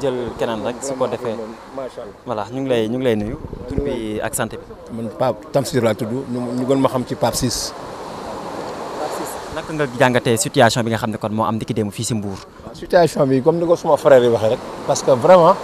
jël kenaan rek su ko defee voilà ñu ngi lay ñu ngi lay nuyu. tur bi ak sant bi. man Pape Tamsir laa tudd ñu ñu gën ma xam ci Pape Ciss. naka nga jàngatee situation bi nga xam ne kon moo am di ki démb fii si Mbour. situation bi comme ni ko suma frère yi waxee rek parce que vraiment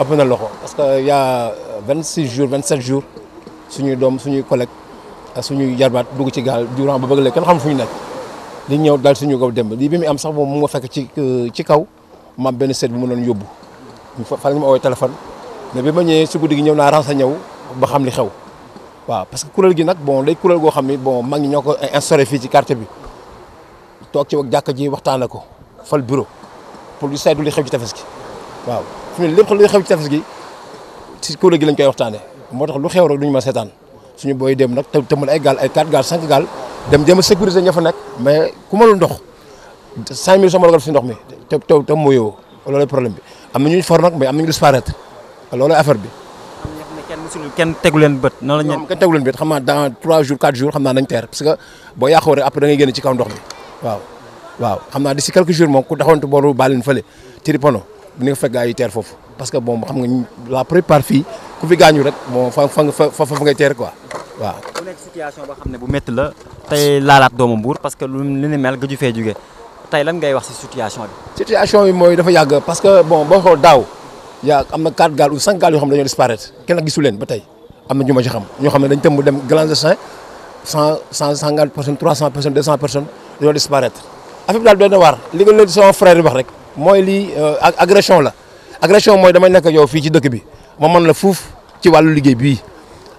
ëpp na loxo parce que y' a 26 jours 27 jours suñuy doom suñuy collègues ak suñuy jarbaat dugg ci gaal durant ba bëgg la kenn xam fu ñu nekk di ñëw daal suñu kaw démb lii bi muy am sax moom mu nga ci euh, ci kaw. ma benn seet bu mu doon yóbbu fa la ñu ma woowee téléphone mais bi ma ñëwee si guddi gi ñëw naa renseigné ñëw ba xam li xew waaw parce que kuréel gi nag bon lay kuréel goo xam ni bon mag ñi ñoo ko instauré fii ci quartier bi toog ci jàkka ji waxtaanee ko fal bureau pour di saytu li xew ci tefes gi waaw fi lépp li xew ci tefes gi ci kuréel gi lañ koy waxtaanee moo tax lu xew rek duñu ma seetaan suñu booy dem nag te tëmbal ay gaal ay 4 gaal 5 gaal dem jéem a sécuriser ña fa nekk mais ku mënul ndox 5000 soo ma ragal si ndox mi. te taw tam mooyoo loolu problème bi am na ñu for nag mais am nañu disparaître affaire bi. kenn tegu leen bët noonu la ñu. kenn tegu bët xam naa dans 3 jours 4 jours xam naa nañ teer parce que boo yàqoo rek après da ngay génn ci kaw ndox mi waaw. waaw xam naa d'ici quelques jours moom ku taxawantu booru bàllin fële Tiripono di fekk gars teer foofu parce que bon xam nga la prépare fii ku fi gaañu rek bon fa fa nga fa fa ngay teer quoi waaw. bu nekk xam ne bu métti la tey laalaat doomu Mbuur parce que lu ni mel gëju fee tey lan ngay wax ci situation bi. situation bi dafa yàgg parce que bon boo xool daaw yaa am na 4 gaal ou 5 gaal yoo xam ne am na ñu ma ci xam ñoo xam ne dañ tëmb dem Grand Dessin 100 100 150 personnes 300 personnes 200 personnes mooy lii euh, agression la agression mooy nekk yow fii ci dëkk bi ma mën la fuuf ci wàllu liggéey bii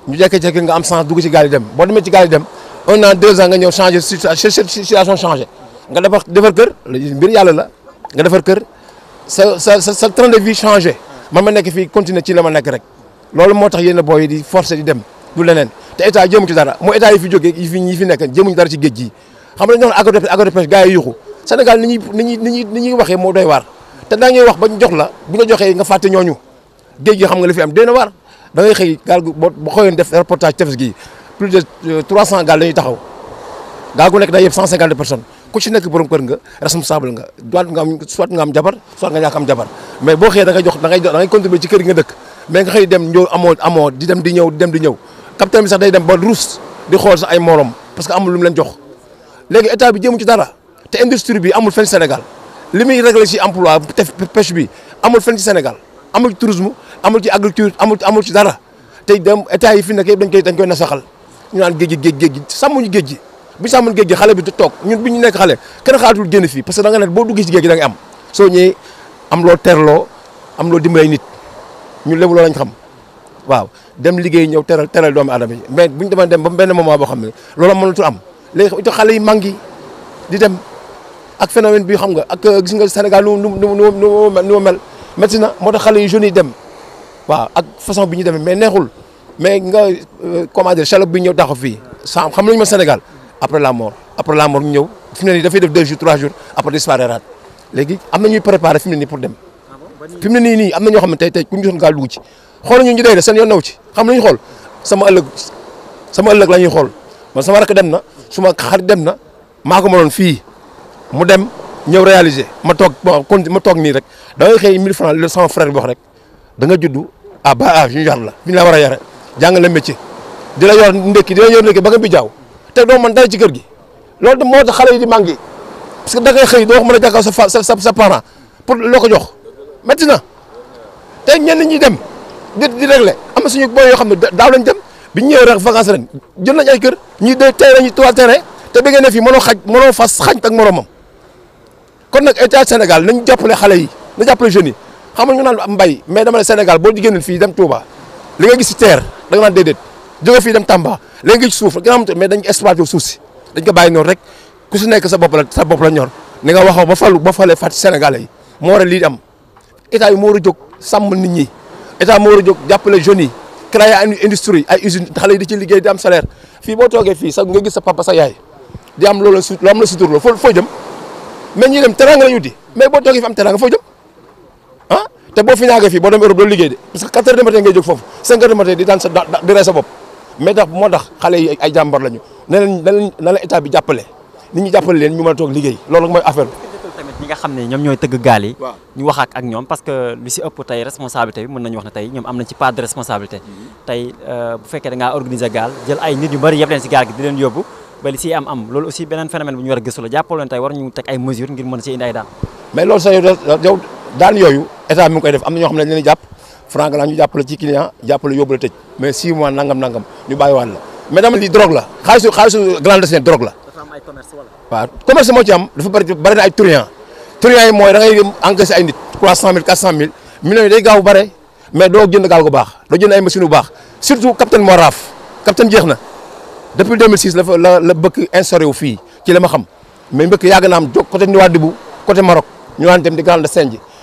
ñu jékki-jékki nga am sens dugg ci gaal yi dem boo demee ci gaal dem un an deux ans nga ñëw changé situation changé nga defar defar kër mbir yàlla la nga defar kër sa sa sa train de vie changé ma ma nekk fii continuer ci la ma nekk rek loolu moo tax yenn booy yi di forcer di dem du leneen te état jëmu ci dara moo état yi fi joge yi fi ñi fi nekk jëmuñu dara ci géej gi xam nga ñoo xam ne agro de pêche gars yi yuuxu Sénégal ni ñuy ñuy ni ñuy waxee moo doy waar te daa ngay wax ba ñu jox la bu ñu joxee nga fàtte ñooñu géej gi xam nga li fi am dee na waar da ngay xëy gaal gu boo def reportage tefes gi plus de 300 euh, gaal la ñuy taxaw gaal gu nekk day yëpp 150 personnes ku ci nekk borom kër nga responsable nga doit nga soit nga am jabar soit nga ñàkk am jabar mais boo xëyee da ngay jox da ngay da ngay contribuer ci kër gi nga dëkk mais nga xëy dem ñëw amoo di dem di ñëw di dem di ñëw capitaine bi sax day dem ba ruus di xool sax ay morom parce que amul lu leen jox léegi état bi jéemu ci dara te industrie bi amul fenn Sénégal li muy réglé ci emploi te pêche bi amul fenn ci Sénégal amul ci tourisme amul ci agriculture amul amul ci dara te dem état yi fi nekk yëpp dañ koy dañ koy nasaxal ñu naan géej gi géej gi sàmmuñu géej gi bu ñu sàmmoon géej gi xale bi di toog ñun bi ñu nekk xale kenn xaatul génn fi parce que da nga ne boo duggee ci géej gi am soo ñëwee am loo terloo am loo dimbalay nit ñu lebu loo lañ xam waaw dem liggéey ñëw teral teral doomu aadama yi mais bu ñu demee dem ba benn moment boo xam ne loolu mënatul am léegi itam xale yi mangi di dem ak phénomène bi xam nga ak euh, gis nga Sénégal nu mu nu mu nu mu mel métti na moo tax xale yu jeunes yi dem waaw ak façon bi ñu demee mais neexul mais nga euh, comment dire chaleur bi ñëw taxaw fii saa xam nañu ma Sénégal. après la mort après la mort ñu ñëw fi mu ne nii dafay def deux jours trois jours après disparairaat léegi am na ñuy préparé fi nii pour dem ah fi mu nii nii am na ñoo xam ne tey tey ku ñu gisoon gaal dugg ci xool ñu ñu dee de seen yoon naw ci xam lañu xool sama ëllëg sama ëllëg la ñuy xool man sama rakk dem na suma xarit dem na maa ko mënoon fii mu dem ñëw réaliser ma toog bon kon ma toog nii rek da ngay xëy 1000 francs le sama frère bi rek da nga juddu à bas âge ñu yar la bi ñu la war a yare jàng la métier di la ndekki di la yor ba bi jaaw te doo mën dara ci kër gi loolu de moo tax xale yi di manqué parce que da ngay xëy doo ko mën a jàkkaarloo sa sa sa sa parent pour loo ko jox métti na te ñenn ñi dem di di réglé am na suñu booy yoo xam ne daaw lañ dem bi ñu ñëwee rek vacances ren jël nañ ay kër ñuy de tey nañu trois terrain te bëggee ne fii mënoo xaj mënoo fas xañ ak moromam kon nag état Sénégal nañu jàppale xale yi na jàppale jeunes yi xam nga ñu naan mbay mais dama ne Sénégal boo jigéen fii dem Touba li nga gis ci terre da nga naan déedéet jóge fii dem Tamba léegi ci suuf nga xam te mais dañ exploité suuf si dañ ko bàyyi noonu rek ku si nekk sa bopp la sa bopp la ñor ni nga waxoo a falu ba falee fàtt Sénégalais yi moo war lii am état yi moo war a jóg sàmm nit ñi état moo war a jóg jàppale jeunes yi créer ay industrie ay di ci liggéey di am salaire fii boo toogee fii sa nga gis sa papa sa yaay di am loolu su loo sutur la foo foo jëm mais ñi dem teranga la ñu di mais boo toogee fi am teranga foo jëm ah te boo fi naagee fii boo dem Europe doo liggéey de parce que 4 heures du matin ngay sa bopp mais tax moo tax xale yi ay jàmbar lañu ne leen na la état bi jàppale nit ñi jàppale leen ñu mën a toog liggéey loolu mooy affaire nga xam ne ñoom ñooy tëgg gaal yi ñu waxaat ak ñoom parce que lu si ëpp tey responsabilité bi mën nañu wax ne tey ñoom am nañ ci part de responsabilité mhm. tey euh, bu fekkee da ngaa gaal jël ay nit yu bëri yëpp leen si gaal gi di leen yóbbu ba li am am loolu aussi beneen phénomène bu ñu war a gëstu la tey war ñu teg ay mesures ngir mën si indi ay daan mais loolu sax yow daan yooyu état mi ngi franc la ñu jàppale ci client jàppale yóbbu la tëj mais 6 mois nangam nangam ñu bàyyiwaat la mais dama li drogue la xaalisu xaalisu clandestin drogue la. dafa am ay commerce wala. waaw commerce moo yi mooy da ngay encaissé ay nit 300000 400000 gaaw bare mais doo jënd gaal gu baax doo jënd ay machine bu baax surtout capitaine moo raaf capitaine jeex na depuis 2006 la fa la bëkk instauré fii ci la ma xam mais mbëkk yàgg na am jóg côté Nouadhibou côté Maroc ñu naan dem di grande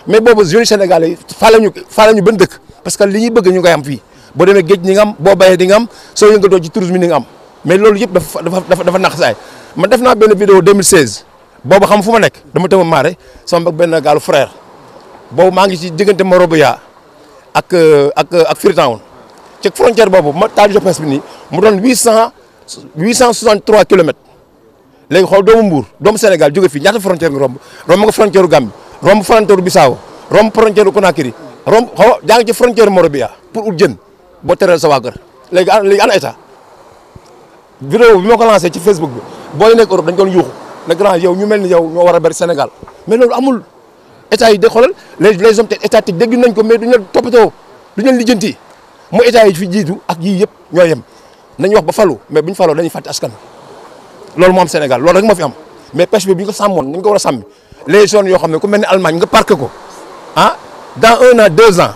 mais boobu jeunes sénégalais faa la ñu faa la ñu benn dëkk parce que li ñuy bëgg ñu ngay am fi boo demee géej ni nga am boo bayee di nga am soo yëngatoo ci tourisme ni nga am mais loolu yëpp dafa dafa dafa nax saay man def naa benn vidéo 2016 boobu xam fu ma nekk dama tëma maare sama benn gaalu frère boobu maa ngi ci diggante Moroboya ak euh, ak euh, ak Freetown ci frontière boobu ma taal GPS bi nii mu doon 800 863 kilomètres léegi xool doomu Mbour doomu Sénégal jóge fii ñaata frontière nga romb ma nga frontière u Gambie romb frontière Bissau romb frontière Conakry romb xaw jaa ngi ci frontière Morobia pour ut jën boo teral sa waa kër léegi léegi ana état vidéo bi ma ko lancé ci Facebook bi booy nekk Europe dañ doon yuuxu ne grand yow ñu mel ni yow ñoo war a bari Sénégal mais loolu amul état yi de xoolal les les hommes étatiques dégg nañ ko mais duñ leen toppatoo duñ leen lijjanti mu état yi fi jiitu ak yii yëpp ñoo yem nañ wax ba falo mais buñ falo dañuy fàtte askan loolu moo am Sénégal loolu rek moo fi am mais pêche bi bu ñu ko sàmmoon a sàmmi les zones yoo xam ne ku mel ne nga parqué ko ah dans un an deux ans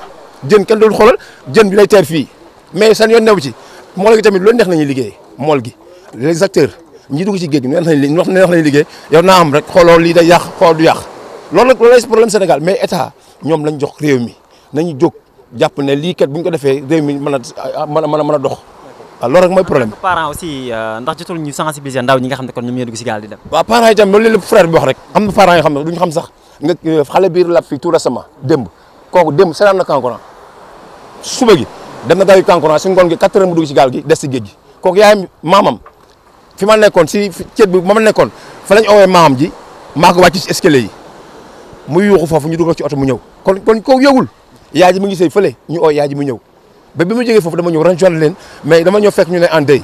jën kenn doon xoolal jën bi lay teer fii mais san yoon new ci mool gi tamit loolu neex nañu liggéey mool gi les acteurs ñi dugg ci géej gi neex nañu li wax neex nañu liggéey yow naa am rek xooloo lii da yàq xool du yàq loolu nag loolu problème Sénégal mais état ñoom lañ jox réew mi nañu jóg jàpp ne lii kat bu ko defee réew mi mën a mën a mën a dox. waaw ah, loolu rek mooy problème bi. parents aussi euh, ndax jotul si gaal di dem. waaw parents yi tam loolu lépp frère bi wax rek am na parents yoo xam ne duñu sax nga euh, xale biir lab fii tout récemment démb kooku démb seetaan na kankuran suba gi dem na dayu kankuran si ngoon gi quatre heures mu dugg si gaal gi des si gi kooku yaayam maamam fi ma nekkoon si ceeb bi ma ma nekkoon fa lañ owee maamam ji maa ko wàcc si escalier yi muy yuuxu foofu ñu dugal ci oto mu ñëw kon kon kook yëgul yaay ji mu ngi sëy fale ñu oo yaay mu ñëw ba bi mu jógee foofu dama ñëw rejoindre leen mais dama ñëw fekk ñu ne en deuil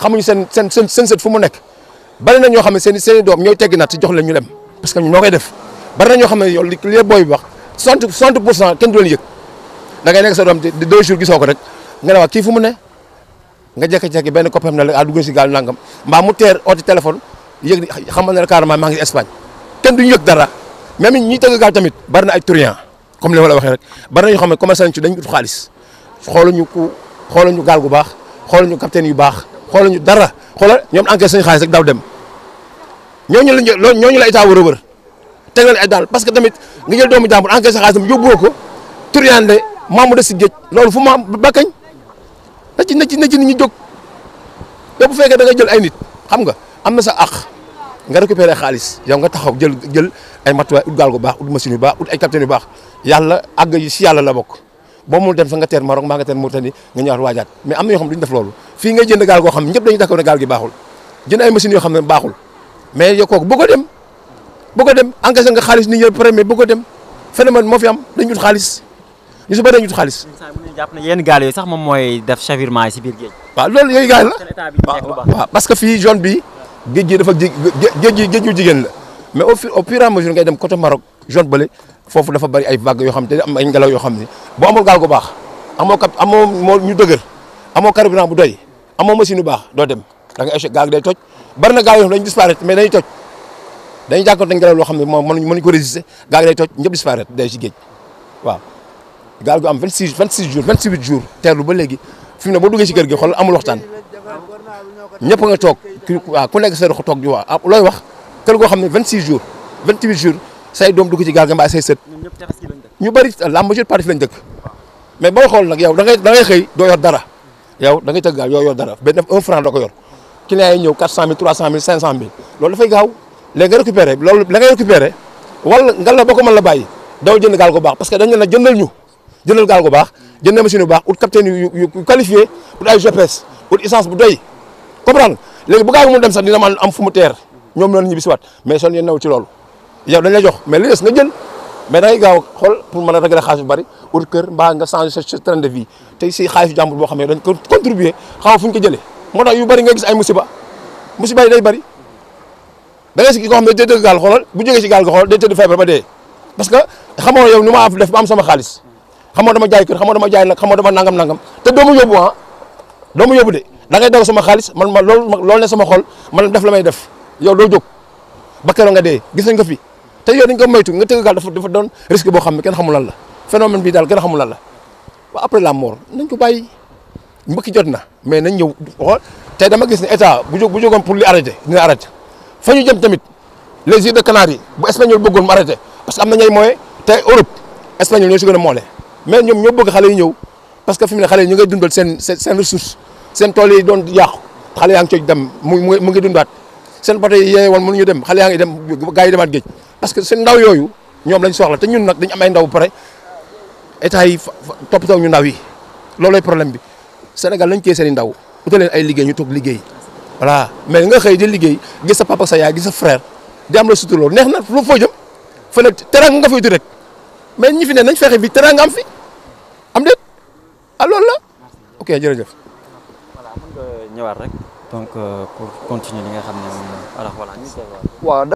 xamuñu seen seen seen seen sët fu mu nekk bari na ñoo xam ne seen seen i doom ñooy teggi naat ci jox leen ñu dem parce que ñun ñoo def bari na ñoo xam ne yow li li booy bi wax 60 60 pour cent kenn nga ne waa kii fu mu ne benn copain ne la ah dugg si gaal nangam mbaa mu teer oote téléphone yëg xamal ne la maa ngi Espagne kenn duñu yëg dara même ñi tëgg gaal tamit bari na ay turian comme li ma la waxee rek bari na ñoo xam ne commencé nañ ci dañu ut xaalis xooluñu ku xooluñu gaal gu baax ñu capitaine yu baax ñu dara xoolal ñoom encaissé suñu xaalis rek daw dem ñooñu la ñu ñooñu la war a wër tegal ay daal parce que tamit nga jël doomu jàmbur encaissé sa xaalisam yóbbuwoo ko turiande maamu de si géej loolu fu maam ba kañ na ci na ci na ci nit ñi jóg yow bu fekkee da nga jël ay nit xam nga am na sa àq nga récupérer xaalis yow nga taxaw jël jël ay matuwaay ut gaal gu baax ut machine yu baax ut ay capitaine yu baax yàlla àgg yi si yàlla la bokk. boo mu dem sa nga teer Maroc mbaa nga teer ne duñ def loolu fii ngay jënd gaal goo xam ñëpp dañu d'accord ne gaal gi baaxul jënd ay machines nga xaalis nit moo fi am dañu xaalis ñu si bëri na yenn gaal yooyu sax moom mooy def chavirement si biir géej. waaw loolu yooyu gaal la waaw parce que fii zone bi géej gi dafa géej gi jigéen la mais au fur et à mesure ngay dem côté Maroc zone bële foofu dafa bari ay vagues yoo xam te am ay ngelaw yoo xam ne boo amul gaal gu baax amoo moo ñu dëgër amoo carburant bu doy amoo machine bu baax doo dem da nga échec gaal gi day toj bari na gaal yoo xam dañu disparaître mais dañuy toj loo xam ne moom mënuñ mënuñ ko résister gaal gi day toj ñëpp disparaître day ci géej waaw. gaal gu am 26 26 jours 28 jours teerlu ba léegi fi mu ne boo duggee si kër gi xool amul waxtaan ñëpp nga toog ku ku nekk sa rox toog di waaw ah, looy wax kër goo xam ne 26 jours 28 jours. say doom dugg ci gaal ga mbaa say sët ñu bëri la majorité parti fi lañ dëkk mais booy xool nag yow da ngay da dara yow da ngay tëgg gaal yoo dara benn un franc da ko yor client yi ñëw 400000 300000 500000 loolu dafay gaaw léegi nga récupéré loolu la ngay récupéré nga la ba ko mën la bàyyi daw jënd gaal gu baax parce que dañ ñu jëndal gaal gu baax ut capitaine yu yu qualifié ut ay ut essence bu doy comprendre léegi bu gaal gi mu dina mën am fu mu teer ci loolu yow dañ la jox mais li nga jël mais gaaw a xool pour mën a régler xaalis bu bëri wut kër mbaa nga changer sa train de vie tey si xaalisu jàmbur boo xam ne dañ ko contribuer xaw fu ñu ko jëlee moo yu bëri nga gis ay musiba musiba yi day bëri da ngay si xam ne day tëdd gaal xoolal bu jógee si gaal nga xool day tëdd feebar ba dee parce que xamoo yow ni ma def am sama xaalis xamoo dama jaay kër xamoo dama jaay nag xamoo dama nangam nangam te doomu yóbbu ah doomu yóbbu de da ngay daw sama xaalis man ma loolu loolu ne sama xool man def la may def yow doo jog ba keroog nga dee gis nga fi te yooyu dañ ko moytu nga tëgg gaal dafa dafa doon risque boo xam kenn xamul la phénomène bi daal kenn xamul la waaw après la mort nañ ko bàyyi mbëkk jot na mais nañ ñëw xool tey dama gis ne état bu jóg bu jógoon pour li arrêté dina arrêté fa ñu jëm tamit les îles de Canaries yi bu espagnol bëggoon mu arrêté parce que am nañ ay moyens te Europe espagnol ñoo si gën moole mais ñoo bëgg xale yi ñëw parce que fi mu ne xale yi ñu ngay dundal seen seen ressource seen tool yi doon yàqu xale yaa ngi cooc dem mu mu ngi dundaat seen bato yi yee woon yaa ngi dem gaa yi demaat géej parce que seen ndaw yooyu ñoom lañ soxla te ñun nag dañ am ay ndaw ba pare état yi toppatoo ñu ndaw yi loolooy problème bi Sénégal lañ cee seen i ndaw uta leen ay liggéey ñu toog liggéey voilà mais nga xëy di liggéey gis sa papa sa yaay gis sa frère di am la suturloo neex na lu foo jëm fa ne nga fa uti rek mais ñi fi ne nañ fexe bi teraanga am fi am déet ah loolu la ok jërëjëf. voilà mën nga ñëwaat rek donc euh, pour continuer li xam ne